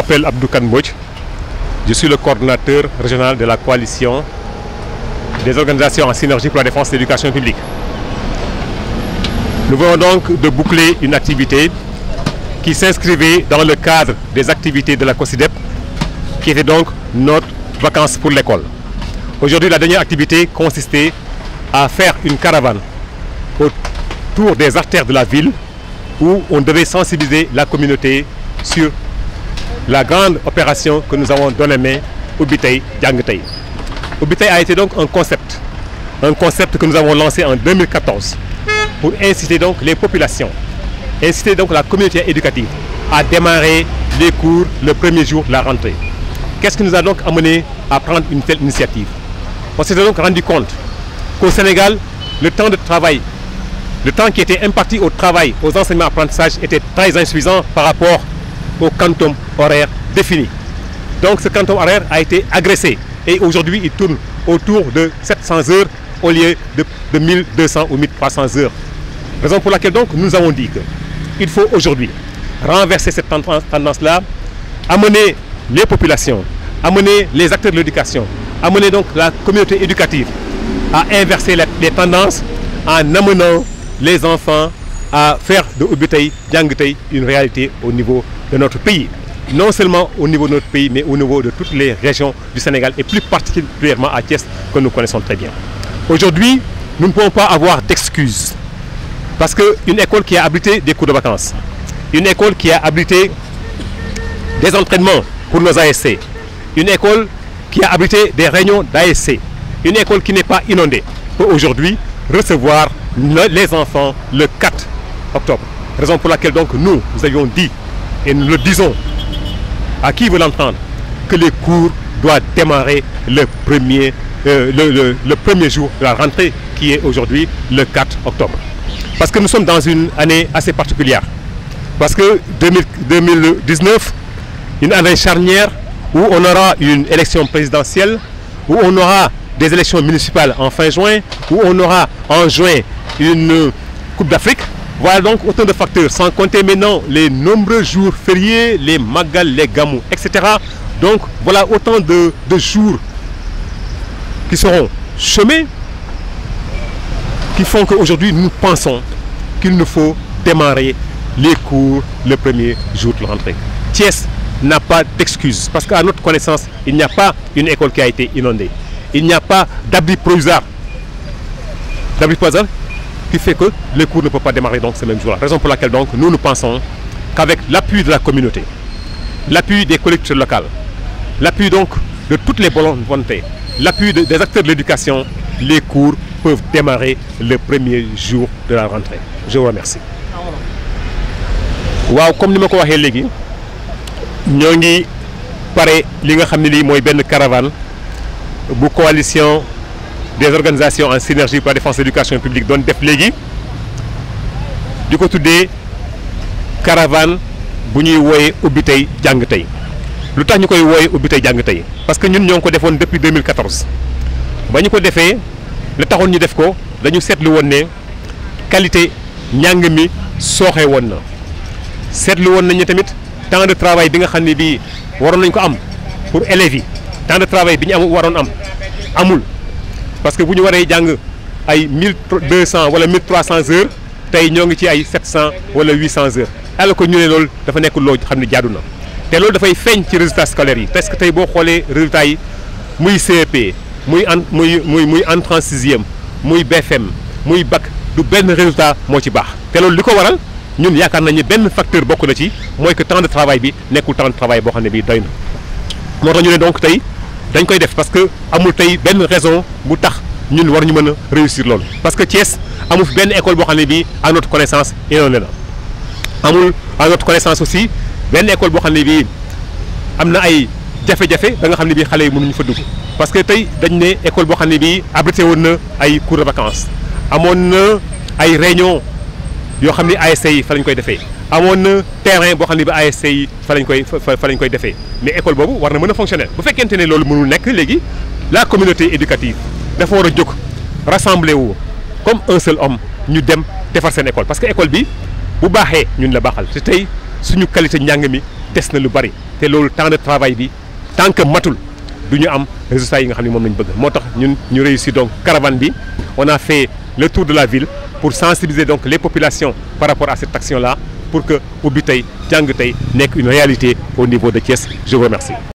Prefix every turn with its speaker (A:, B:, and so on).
A: m'appelle Abdou Kanboj. Je suis le coordinateur régional de la coalition des organisations en synergie pour la défense de l'éducation publique. Nous venons donc de boucler une activité qui s'inscrivait dans le cadre des activités de la COSIDEP, qui était donc notre vacances pour l'école. Aujourd'hui, la dernière activité consistait à faire une caravane autour des artères de la ville où on devait sensibiliser la communauté sur la grande opération que nous avons donné main Ubbi Tey Jàng Tey. Ubbi Tey a été donc un concept un concept que nous avons lancé en pour inciter donc les populations inciter donc la communauté éducative à démarrer les cours le premier jour la rentrée. Qu'est-ce qui nous a donc amené à prendre une telle initiative? On s'est donc rendu compte qu'au Sénégal, le temps de travail, le temps qui était imparti au travail, aux enseignements apprentissages était très insuffisant par horaire défini. Donc ce quantum horaire a été agressé et aujourd'hui il tourne autour de 700 heures au lieu de, de 1200 ou 1300 heures. Raison pour laquelle donc nous avons dit qu'il faut aujourd'hui renverser cette tendance-là, amener les populations, amener les acteurs de l'éducation, amener donc la communauté éducative à inverser les tendances en amenant les enfants à faire de Ubutei, Djangutei une réalité au niveau de notre pays. non seulement au niveau de notre pays, mais au niveau de toutes les régions du Sénégal et plus particulièrement à Thiès, que nous connaissons très bien. Aujourd'hui, nous ne pouvons pas avoir d'excuses. Parce qu'une école qui a abrité des cours de vacances, une école qui a abrité des entraînements pour nos ASC, une école qui a des réunions d'ASC, une école qui n'est pas inondée, peut aujourd'hui recevoir le, les enfants le 4 octobre. Raison pour laquelle donc nous, nous avions dit, et nous le disons à qui veut l'entendre que les cours le premier, euh, le, le, le premier le 4 octobre. Parce que nous sommes dans une année assez particulière. Parce que 2000, 2019, une année charnière où on aura une élection présidentielle, où on aura des élections juin, où on Voilà donc autant de facteurs, sans compter maintenant les nombreux jours fériés, les magal, les gamous, etc. Donc voilà autant de, jours qui seront chemins qui font qu'aujourd'hui nous pensons qu'il nous faut démarrer les cours le premier jours de la rentrée. Thiès n'a pas d'excuses parce qu'à notre connaissance, il n'y a pas une école qui a été inondée. Il n'y a pas d'abri provisoire. qui fait que les cours ne peuvent pas démarrer donc ce même jour-là. Raison pour laquelle donc nous nous pensons qu'avec l'appui de la communauté, l'appui des collectivités locales, l'appui donc de toutes les volontés, l'appui de, des acteurs de l'éducation, les cours peuvent démarrer le premier jour de la rentrée. Je comme ni ma ko waxee léegi ñoo ngi pare li nga xam ne lii mooy benn caravane bu coalition. des organisations en synergie pour la défense de l'éducation publique doon def léegi di ko tuddee caravane bu ñuy wooyee ubbi tey jàng tey lu tax ñu koy wooyee ubbitey tey jàng tey parce que ñun ñoo ngi ko defoon depuis 2014 ba ñu ko defee la taxoon ñu def ko dañu seetlu woon ne qualité njàng mi sooxee woon na seetlu woon nañu tamit temps de travail bi nga xam ne bii waroon nañ ko am pour élèves yi temps de travail bi ñu am waroon am amul parce que bu ñu waree jàng ay mille deux cent wala mille trois cent heures tey ñoo ngi ci ay sept cent wala huit cent heures alors que ñu ne loolu dafa nekk loo xam ne jaadu na te loolu dafay feeñ ci résultats scolaires yi parce que tey boo xoolee résultats yi muy CEP muy en muy muy muy entrée en sixième muy BFM muy bac du benn résultat moo ci baax te loolu li ko waral ñun yaakaar nañu benn facteur bokk na ci mooy que temps de bi nekkul temps de boo xam ne bii doy na moo tax ñu ne donc tey. dañ koy def parce que amul tey benn raison bu tax ñun war ñu mën a réussir loolu parce que Thiès amul fi benn école boo xam ne bii à notre connaissance na amul à notre connaissance aussi benn école boo xam ne bii am na ay jafe-jafe da nga xam ne bii xale yi mënuñu fa dugg parce que tey dañ ne école boo xam ne bii abrité woon na ay cours de vacances amoon na ay réunion yoo xam ne ASC e yi fa lañ koy defee amoon na terrain boo xam ne bi ASC yi fa lañ koy fa lañ koy defee mais école boobu war na mën a fonctionner bu fekkente ne loolu mënul nekk léegi la communauté éducative dafa war a jóg rassembler wu comme un seul ñu dem defar seen école parce que école bi bu baaxee ñun la baaxal te tey suñu qualité njàng mi des na lu bari te loolu temps de travail bi tant que matul du ñu am résultats yi nga xam ne moom lañ bëgg moo tax ñun ñu réussir donc caravane bi on a fait le tour la ville pour sensibiliser donc les populations par rapport à cette action pour que ubbi tey jàng tey nekk une réalité au niveau de Thiès je vous remercie